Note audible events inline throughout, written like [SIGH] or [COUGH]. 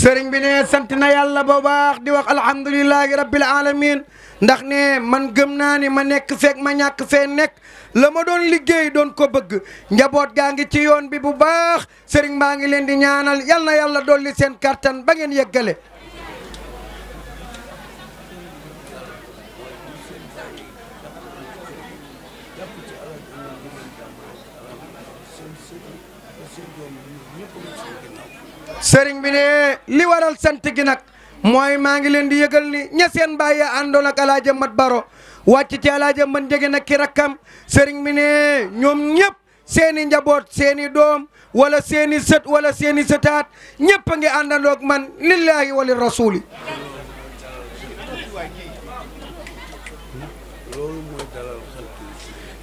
sëriñ bi ne sant na yàlla bu baax di wax alhamdulilahi rabbil alamin ndax ne man gëm naa ni ma nekk feeg ma ñàkk fee nekk la ma doon liggéey doon ko bëgg njaboot gaa ngi ci yoon bi bu baax sëriñ maa ngi leen di ñaanal yal na yàlla dolli seen kàttan ba ngeen yeggale sëriñ bi li waral sant gi nag mooy maa ngi leen di yëgal ni ña seen bàyyi àndoon ak mat baro wàcc ci alaaja mat njege nag ki rakkam sëriñ bi ne ñoom ñëpp seeni njaboot seeni doom wala seeni seeni sëtaat ñëpp a ngi àndandoo ak man lillahi wali rasuli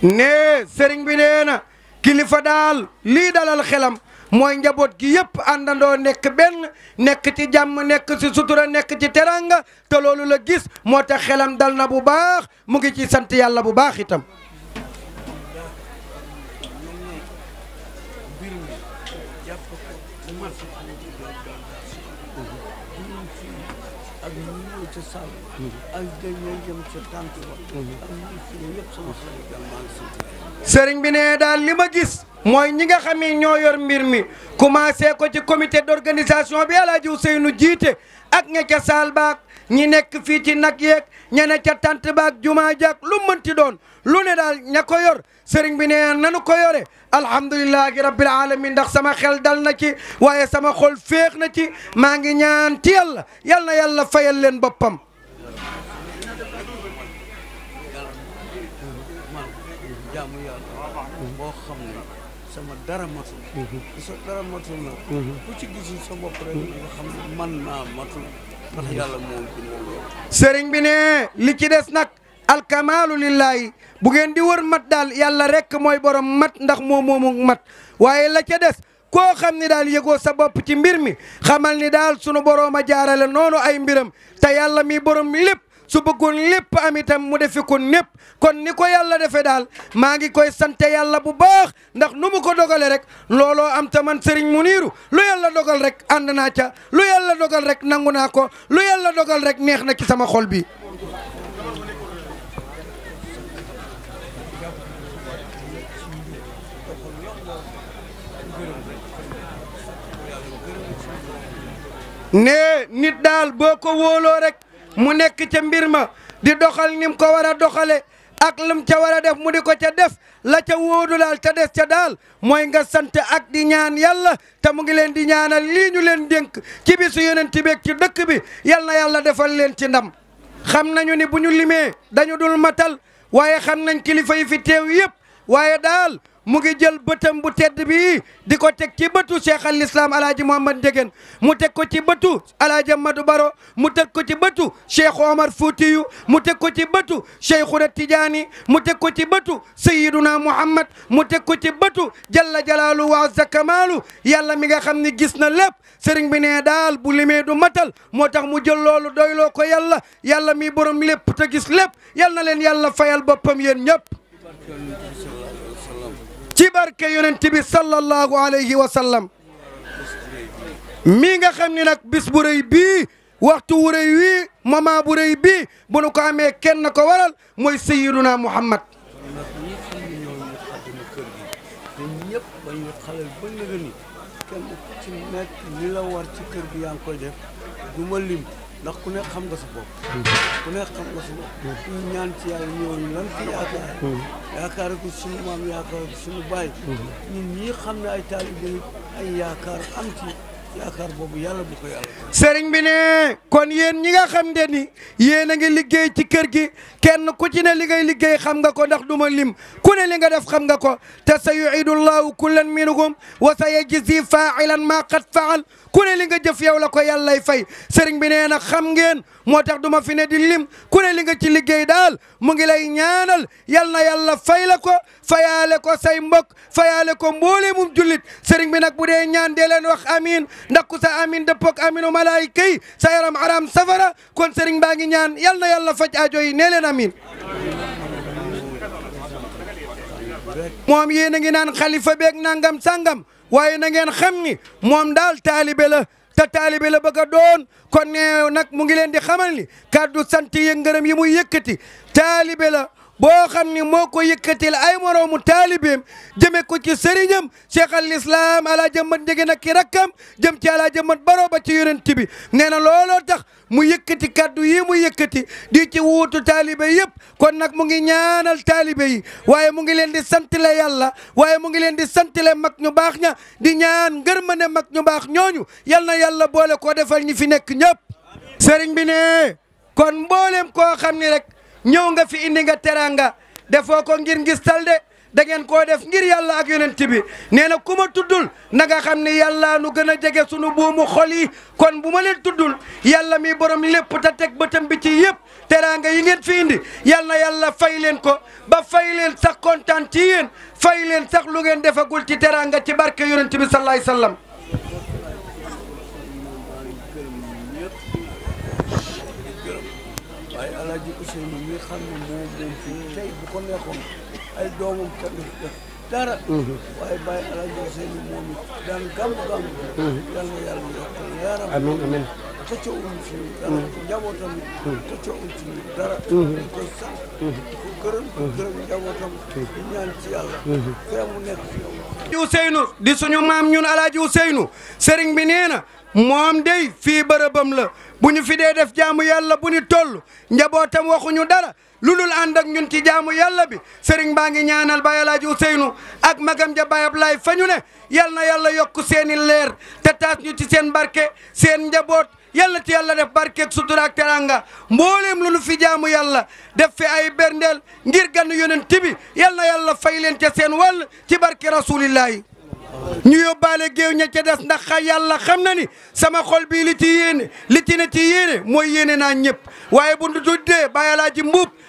ne sëriñ bi nee na kilifa daal lii dalal xelam mooy njaboot gi yëpp àndandoo nekk benn nekk ci jàmm nekk ci sutura nekk ci teranga te loolu la gis moo tax xelam dal na bu baax mu ngi ci sant yàlla bu baax itam sall sëriñ bi ne daal li ma gis mooy ñi nga xam ne ñoo yor mbir mi commencé ko ci comité d'organisation bi El Hadj Ousseynou jiite ak ña ca saal baak ñi nekk fii ci nag yeeg ña ne ca tant baak jumaa jaak lu mënti doon lu ne daal ña ko yor sëriñ bi nee nanu ko yore alhamdulilahi rabbil alamin ndax sama xel dal na ci waaye sama xol féex na ci maa ngi ñaan ci yàlla yal na yàlla fayal leen boppam sama dara sëriñ bi ne li ci des nag alkamaalu lillaahi bu ngeen di wër mat daal yàlla rek mooy borom mat ndax moo moomu mat waaye la ca des koo xam ni daal yëgoo sa bopp ci mbir mi xamal ni daal sunu borom a jaarale noonu ay mbiram te yàlla mi borom lépp su bëggoon lépp am itam mu defe ko népp kon ni ko yàlla defe daal maa ngi koy sante yàlla bu baax ndax nu mu ko dogale rek looloo am ta man sëriñ Muniiru lu yàlla dogal rek ànd naa ca lu yàlla dogal rek nangu naa ko lu yàlla dogal rek neex na ci sama xol bi ne nit daal boo ko wóoloo rek mu nekk ca mbir ma di doxal nim ko war a doxale ak lam ca war a def mu di ko ca def la ca wóodu daal ca des ca daal mooy nga sant ak di ñaan yàlla te mu ngi leen di ñaanal lii ñu leen dénk ci bisu yeneen ci beeg ci dëkk bi yal na yàlla defal leen ci ndam xam nañu ni bu ñu limee dañu dul matal waaye xam nañ kilifa yi fi teew yëpp waaye daal mu ngi jël bëtam bu tedd bi di ko teg ci bëtu cheikh al islam alaaji Mouhamad mu teg ko ci bëtu alaaji Amadou Baro mu teg ko ci bëtu cheikh Omar Foutiyu mu teg ko ci bëtu cheikhuna Tidiani mu teg ko ci bëtu sayiduna Muhammad mu teg ko ci bëtu jalla jalaalu wa zakamaalu yàlla mi nga xam ni gis na lépp sëriñ bi ne daal bu limee du matal moo tax mu jël loolu doyloo ko yalla yàlla mi borom lépp te gis lépp yal leen yàlla fayal boppam yéen ñëpp تبارك ينتبه صلى الله عليه وسلم مين خمني نك بس بوري بي وقت بري بي ماما بوري بي بنو كامي كن نك موي سيدنا محمد ndax ku nekk xam nga sa bopp ku nekk xam nga sa bopp ñu ñaan ci yàlla ñooñu lan ci yaakaar yaakaar ko suñu maam yaakaar ko suñu baay ñun ñii xam ne ay taalibe ay yaakaar am ci yaakaar boobu yàlla bu ko yàlla sëriñ bi ne kon yéen ñi nga xam ne ni yéen a ngi liggéey ci kër gi kenn ku ci ne li ngay liggéey xam nga ko ndax du ma lim ku ne li nga def xam nga ko te sa yuidu llahu kullan minhum wa sa yajzi faa'ilan ma qad faal ku ne li nga jëf yow ko yàllay fay sëriñ bi nee na xam ngeen moo tax duma ma fi ne di lim ku li nga ci liggéey daal mu ngi lay ñaanal yal yalla yàlla fay la ko fayaale ko say mbok fayaale ko mboolee mum jullit sëriñ bi nag ñaan dee leen amin ndax ku sa amin dëppook aminu malaayika yi sa yaram aram safara kon sëriñ baa ngi ñaan yal na yàlla faj aajo yi nee amin moom yéen a ngi naan xalifa beeg nangam sangam waaye na ngeen xam ni moom daal taalibe la te taalibe la bëgg a doon kon ne nag mu ngi leen di xamal ni kàddu sant yi ngërëm yi muy yëkkati taalibe la boo xam ni moo ko yëkkatil ay moroomu taalibeem jëme ko ci sëriñam cheikh al islam ala njege njegeen ak ki rakkam jëm ci ala jëmmat baroo ba ci yonent bi nee na looloo tax mu yëkkati kaddu yi mu yëkkati di ci wuutu taalibe yëpp kon nag mu ngi ñaanal taalibe yi waaye mu ngi leen di santale yàlla waaye mu ngi leen di santale mag ñu baax ña di ñaan ngërmande mag ñu baax ñooñu yal na yàlla boole koo defal ñi fi nekk ñëpp sëriñ bi ne kon mboolem koo xam ni rek ñëw nga fi indi nga teraanga defoo ko ngir ngis tal de da ngeen koo def ngir yàlla ak yonent bi nee na ku ma tuddul na nga xam ni yàlla nu gën a jege sunu buumu xol kon bu ma leen tuddul yàlla mi borom lépp ta teg bëtam bi ci yëpp teraanga yi ngeen fi indi yal na yàlla fay leen ko ba fay leen sax kontaan ci fay leen sax lu ngeen defagul ci teraanga ci barke yonent bi salaay sallam يخممون في شيء بكل يخم الدوم مكمل ترى واي باي على جسم المؤمن دم كم كم يلا يلا يا رب امين امين tëccoowuñ ci ñun dara mm. njabootam mm. dara dañ mm-hmm. koy mm-hmm. mm-hmm. di ko gërëm suñu maam ñun alaaji Ousseynou sëriñ bi nee na moom day fii bërëbam la bu ñu fi dee def jaamu yàlla bu ñu toll njabootam waxuñu dara lu dul ànd ñun ci jaamu yàlla bi sëriñ baa ngi ñaanal Baye El Hadj Ousseynou ak magam ja Baye Ablaye fa ñu ne yal na yàlla yokk seeni leer te taas ñu ci seen barke seen njaboot yàlla ci yàlla def barkeeg sutura ak teranga mbooleem lu nu fi jaamu yàlla def fi ay berndeel ngir gan yonent bi yal na yàlla fay leen ca seen wàll ci barke rasulillahi ñu yóbbaale géew ña ca des ndax xa yàlla xam na ni sama xol bii li ci yéene li ci ne ci yéene mooy yéene naa ñëpp waaye bu nu tuddee bàyyalaa ji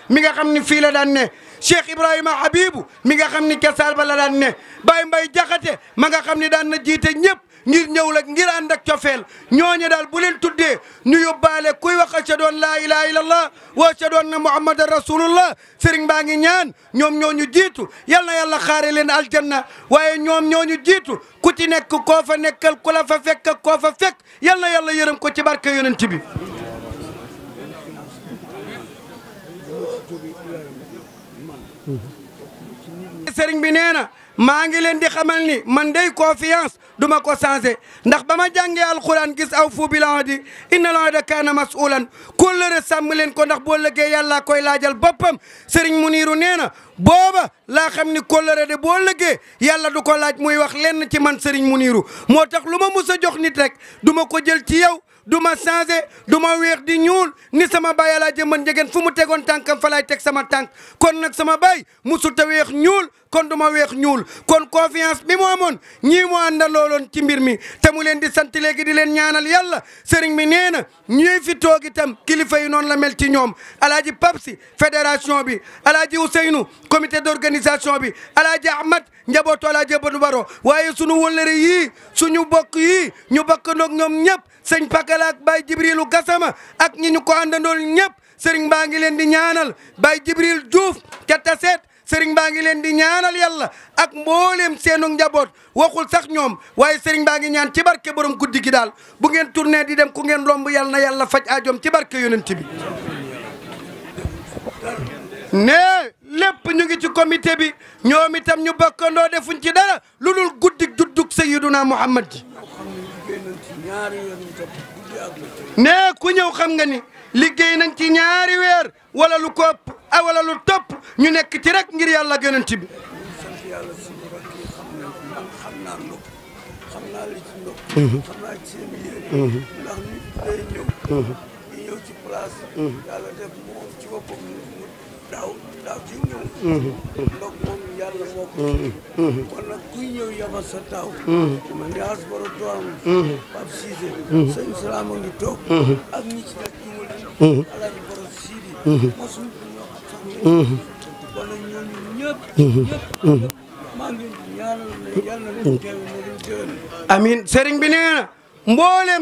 mi nga xam ni fii la daan ne cheikh ibrahima habibu mi nga xam ni kesaal ba la daan ne Baye Mbay Jaxate ma nga xam ni daan na jiite ñëpp ngir ñëw la ngir ànd ak cofeel ñooñu daal bu leen tuddee ñu yóbbaale kuy wax doon laa ilaha illallah wa doon na muhammadan rasulullah sëriñ baa ngi ñaan ñoom ñoñu jiitu yal na yàlla xaare leen aljanna waaye ñoom ñooñu jiitu ku ci nekk koo fa nekkal ku la fa fekk koo fa fekk yal na yàlla yërëm ko ci barke yonent bi sëriñ bi neena maa ngi leen di xamal ni man day confiance duma ko changé ndax ba ma jàngee alxuraan gis aw fu bi la di inna la da kaana masulan kóllëre sàmm leen ko ndax boo lëggee yàlla koy laajal boppam Serigne Muniru nee na booba laa xam ni kóllëre de boo lëggee yàlla du ko laaj muy wax lenn ci man Serigne Muniru moo tax lu ma mus a jox nit rek duma ko jël ci yow du ma changé du ma weex di ñuul ni sama baay yàlla jëmban njegeen fu mu tegoon tànkam fa laay teg sama tànk kon nag sama baay musu ta weex kon du ma weex ñuul kon confiance bi mu amoon ñii mu àndalooloon ci mbir mi te mu leen di sant léegi di leen ñaanal yàlla sëriñ bi nee na ñii fi toog itam kilifa yi noonu la mel ci ñoom alaaji Papsi fédération bi alaaji Ousseynou comité d'organisation bi alaaji Ahmad njabootu alaaji Badou Baro waaye sunu wëllëre yii suñu bokk yii ñu bokk ndoog ñoom sëñ Pakala ak Baye Jibrilu ak ñi ñu ko àndandool ñëpp sëriñ baa ngi leen di ñaanal Baye Jibril Diouf ca Taseet sëriñ baa ngi leen di ñaanal yàlla ak mbooleem seenu njaboot waxul sax ñoom waaye sëriñ baa ngi ñaan ci barke borom guddi gi daal bu ngeen turne di dem ku ngeen romb yàlla na yàlla faj aajoom ci barke yonent bi ne lépp ñu ngi ci comité bi ñoom itam ñu bokkandoo defuñ ci dara lu dul guddi juddug Sayyiduna Muhammad ji ne ku ñëw xam nga ni liggéey nañ ci ñaari weer wala lu kopp ah, wala lu topp ñu nekk ci rek ngir yàlla ak yonent bi daaw daaw ci ñëw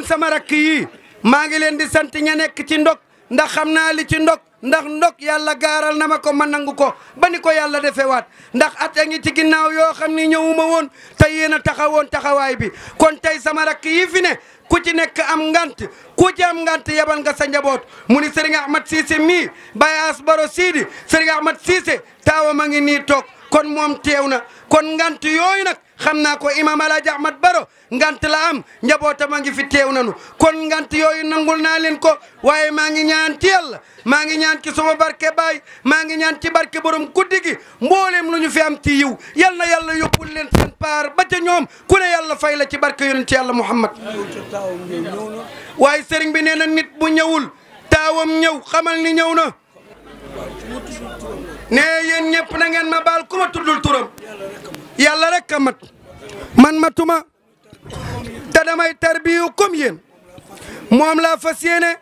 sama rakk yi maa ngi leen di sant ña nekk ci ndog ndax xam naa li ci ndog ndax ndok yàlla gaaral na ma ko ma nangu ko ba ni ko yàlla defewaat ndax at a ngi ci ginnaaw yoo xam ni ñëwuma woon te yéen a taxawoon taxawaay bi kon tey sama rakk yi fi ne ku ci nekk am ngant ku ci am ngant yabal nga sa njaboot mu ni mat Ahmad Cissé mii Baye Asbaro Sidi Serigne mat Cissé taawa ma ngi nii toog kon moom teew na kon ngant yooyu nag xamna ko imam alaaji ahmad baro ngant la am njabootama ngi fi tew nanu kon ngant yooyu nangul na len ko waye maa ngi ñaan ci yalla maa ngi ñaan ci suma barke bay maa ngi ñaan ci barke borom guddi gi mbooleem lu fi am ti yiw yalla yalla yobul len sen par ba ca ñom ku ne yalla fay la ci barke ci yalla muhammad waye sëriñ bi neena nit bu ñewul tawam ñew xamal ni ñëw na ne yeen ñep na ngeen ma bal ku ma tuddul turam yàlla rek a mat man matuma te damay tarbiyu comme yéen moom laa fa yéene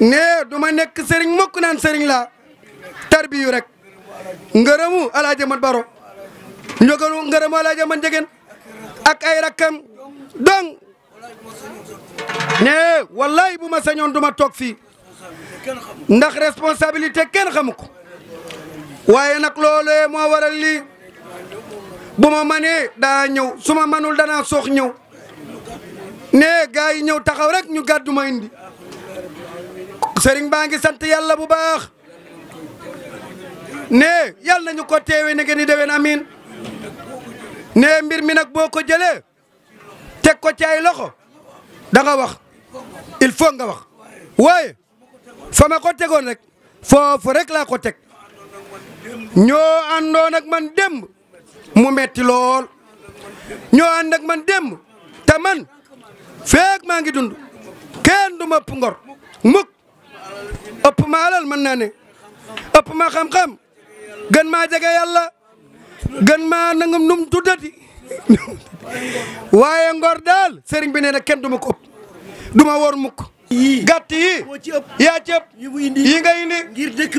ne du nekk sëriñ mukk naan sëriñ laa tarbiyu rek ngërëmu alaaja mat baro njogalu ngërëmu alaaja mat jegen ak ay rakkam donc ne wallaay bu ma sañoon duma toog fii ndax responsabilité kenn xamu ko waaye nag loolee moo waral lii bu ma manee daa ñëw suma manul danaa soox ñëw ne gaa yi ñëw taxaw rek ñu gàddu ma indi sëriñ baa ngi sant yàlla bu baax ne yàll nañu ko teewe ne ngeen di déwén miin ne mbir mi nag boo ko jëlee teg ko ci ay loxo danga wax il faut nga wax waaye fa ma ko tegoon rek foofu rek laa ko teg ñoo àndoon ak man demb mu metti lol ño and ak man dem ta man feeg ma ngi dund ken du ma ngor muk upp ma alal man na ne upp ma xam-xam gën [LAUGHS] ma jege yalla gën ma nangam num tuddati waye ngor dal serigne bi ne nak ken duma ko wor gàtt yi yaa ci ëpp yi nga indi ngir dëkk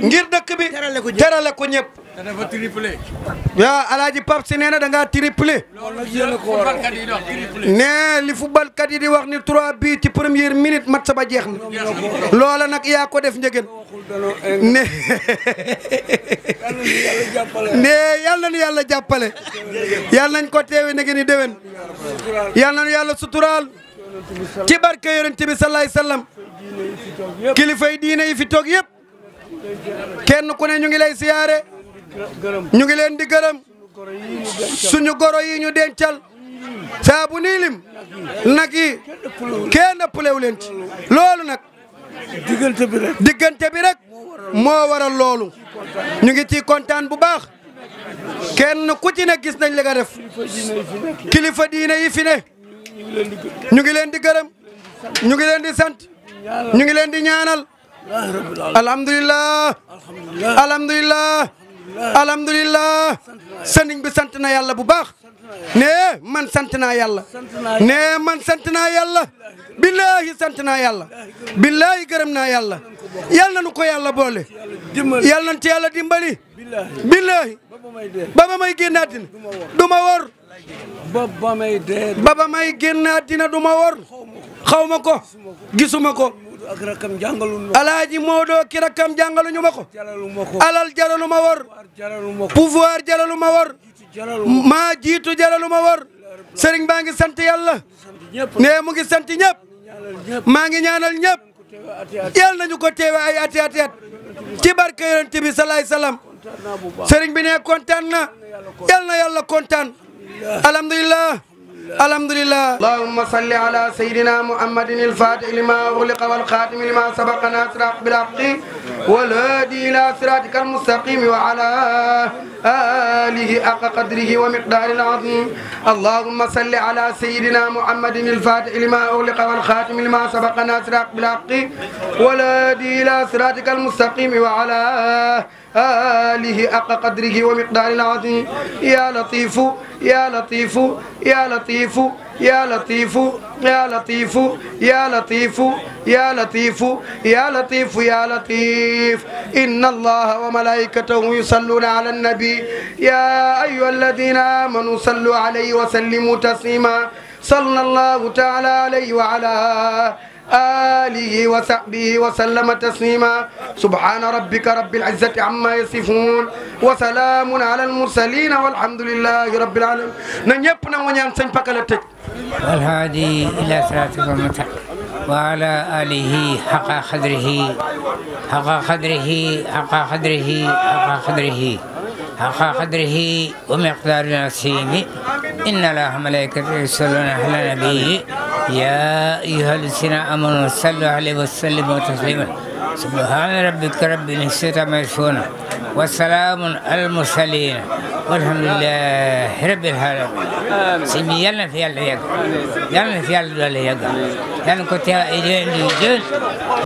bi terale ko ñëpp dafa triplé waaw alaaji Pap si nee na da ngaa triplé ne li footballkat yi di wax ni trois bi ci première minute match ba jeex na loola nag yaa ko def njëgën ne [LAUGHS] ne yàlla nu yàlla jàppale yàlla nañ ko teewe njëgën yi déwén yàlla nu yàlla suturaal ci barke yonent bi salaay salaam kilifa yi diine yi fi toog yëpp kenn ku ne ñu ngi lay siyaare ñu ngi leen di gërëm suñu goro yi ñu dencal saa bu nii nag yi kenn ëppalewu leen ci loolu nag diggante bi rek diggante bi rek moo waral loolu ñu ngi ciy kontaan bu baax kenn ku ci ne gis nañ li nga def kilifa diine yi fi ne. ñu ngi leen di gërëm ñu ngi leen di gërëm ngi leen di sant ñu ngi leen di ñaanal alhamdulilah alhamdulilah alhamdulilah sëriñ bi sant na yàlla bu baax man sant na yàlla ne man sant na yàlla billaahi sant na yàlla billaahi gërëm na yàlla yàlla nañu ko yàlla boole yàlla nañu ci yàlla dimbali billaahi ba ba may génnaat dina du ma wor ba ba may dee. ba ba may génn àddina du ma wor. xaw ma ko gisuma ko. ak rakam jàngaluñu ma. alaaji Modou ki rakam jàngaluñu ma ko. alal jaralu ma wor. pouvoir jaralu ma wor. maa jiitu jaralu ma wor. sëriñ baa ngi sant yàlla. nee mu ngi sant ñëpp. maa ngi ñaanal ñëpp. yal nañu ko teewe ay ati ati at. ci barke yonent salaam. sëriñ bi kontaan na. yal na yàlla kontaan. الحمد لله الحمد لله اللهم صل على سيدنا محمد الفاتح لما أغلق والخاتم لما سبق ناصر بالحق والهادي إلى صراطك المستقيم وعلى آله حق قدره ومقدار العظيم اللهم صل على سيدنا محمد الفاتح لما أغلق والخاتم لما سبق ناصر بالحق والهادي إلى صراطك المستقيم وعلى آله آله أق قدره ومقدار العظيم يا لطيف يا لطيف يا لطيف يا لطيف يا لطيف يا لطيف يا لطيف يا لطيف يا لطيف إن الله وملائكته يصلون على النبي يا أيها الذين آمنوا صلوا عليه وسلموا تسليما صلى الله تعالى عليه وعلى آله آله وصحبه وسلم تسليما سبحان ربك رب العزة عما يصفون وسلام على المرسلين والحمد لله رب العالمين نيبنا ونيام سن باكلتك والهادي إلى صراطك المستقيم وعلى آله حق قدره حق قدره حق قدره حق قدره حق خدره ومقدار العظيم إن الله ملائكته يصلون أهل نبيه يا أيها الذين آمنوا صلوا عليه وسلموا تسليما سبحان ربك رب العزة عما يصفون وسلام على المرسلين والحمد لله رب العالمين سيدي يلا في الله يقع يلا في الله يلا كنت يا إيدين